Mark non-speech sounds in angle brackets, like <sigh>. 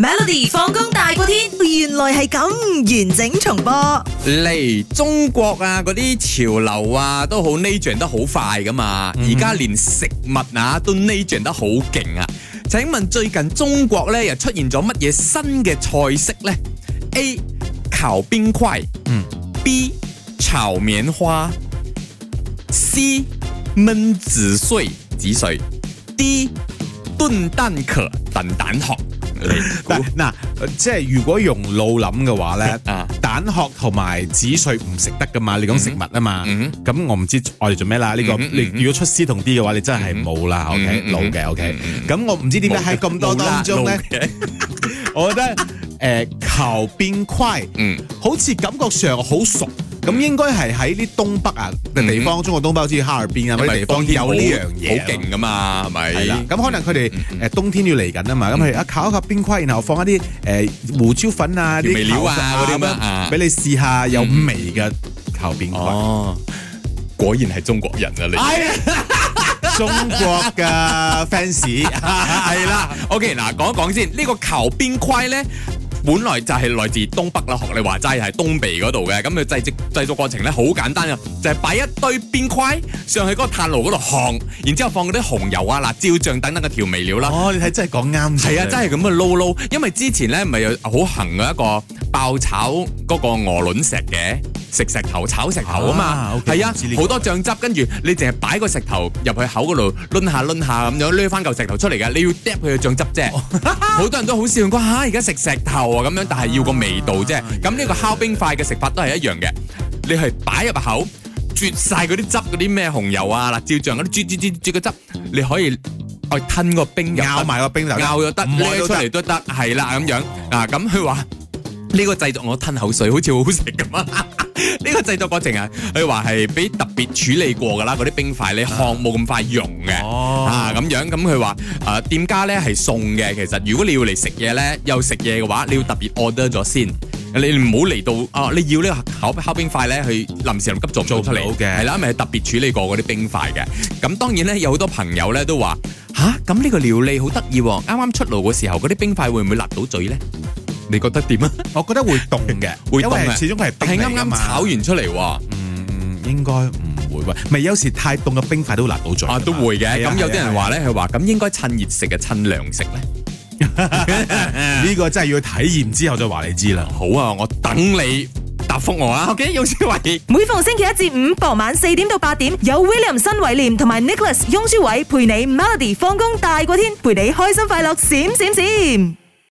Melody 放工大過天，原來係咁完整重播。嚟中國啊，嗰啲潮流啊都好 nudge a 得好快噶嘛，而家、嗯、連食物啊都 nudge a 得好勁啊。請問最近中國咧又出現咗乜嘢新嘅菜式咧？A 烤冰塊，嗯；B 炒棉花；C 燜紫水紫水；D 燉蛋殼燉蛋殼。嗱，即係如果用腦諗嘅話咧，蛋殼同埋紫菜唔食得噶嘛？你講食物啊嘛，咁我唔知我哋做咩啦？呢個你如果出 C 同 D 嘅話，你真係冇啦，OK？老嘅 OK？咁我唔知點解喺咁多當中咧，我咧誒求邊規？嗯，好似感覺上好熟。咁應該係喺啲東北啊嘅地方，中國東北好似哈爾濱啊嗰啲地方有呢樣嘢，好勁㗎嘛，係咪？係啦，咁可能佢哋誒冬天要嚟緊啊嘛，咁佢啊烤一烤冰盔，然後放一啲誒胡椒粉啊啲味料啊嗰啲咁樣，俾你試下有味嘅烤冰盔。哦，果然係中國人啊你，中國嘅 fans 係啦。OK，嗱講一講先，呢個烤冰盔咧。本來就係來自東北啦，學你話齋係東北嗰度嘅，咁佢製製製作過程咧好簡單呀，就係、是、擺一堆邊盔上去嗰個炭爐嗰度烘，然之後放嗰啲紅油啊、辣椒醬等等嘅調味料啦。哦，你睇真係講啱，係啊，真係咁嘅撈撈， <laughs> 因為之前咧唔係有好行嘅一個。爆炒嗰個鵝卵石嘅食石頭炒石頭啊嘛，係啊，好、okay, 啊、多醬汁，跟住你淨係擺個石頭入去口嗰度，掄下掄下咁樣，攞翻嚿石頭出嚟嘅，你要嗒佢嘅醬汁啫。好 <laughs> 多人都好笑，講吓而家食石頭啊咁樣，但係要個味道啫。咁呢、啊、個烤冰塊嘅食法都係一樣嘅，你係擺入口，啜晒嗰啲汁，嗰啲咩紅油啊、辣椒醬嗰啲 j u j u j u 汁，你可以去吞個冰入，咬埋個冰就咬又得，攞出嚟都得，係啦咁樣啊，咁佢話。呢個製作我吞口水，好似好好食咁啊！呢 <laughs> 個製作過程啊，佢話係俾特別處理過噶啦，嗰啲冰塊你寒冇咁快溶嘅、oh. 啊，咁樣咁佢話誒店家咧係送嘅，其實如果你要嚟食嘢咧，又食嘢嘅話，你要特別 order 咗先，你唔好嚟到啊！你要呢個烤烤冰塊咧去臨時臨急做出做出嚟，係啦，係特別處理過嗰啲冰塊嘅。咁當然咧，有好多朋友咧都話吓，咁、啊、呢個料理好得意喎，啱啱出爐嘅時候嗰啲冰塊會唔會辣到嘴咧？你覺得點啊？我覺得會凍嘅，會凍啊！始終係冰塊嘛。係啱啱炒完出嚟喎。嗯，應該唔會喂，咪有時太凍嘅冰塊都辣到嘴。啊，都會嘅。咁有啲人話咧，佢話咁應該趁熱食嘅，趁涼食咧。呢個真係要體驗之後再話你知啦。好啊，我等你答覆我啊。OK，雍舒偉。每逢星期一至五傍晚四點到八點，有 William 新維廉同埋 Nicholas 雍舒偉陪你 Melody 放工大過天，陪你開心快樂閃閃閃。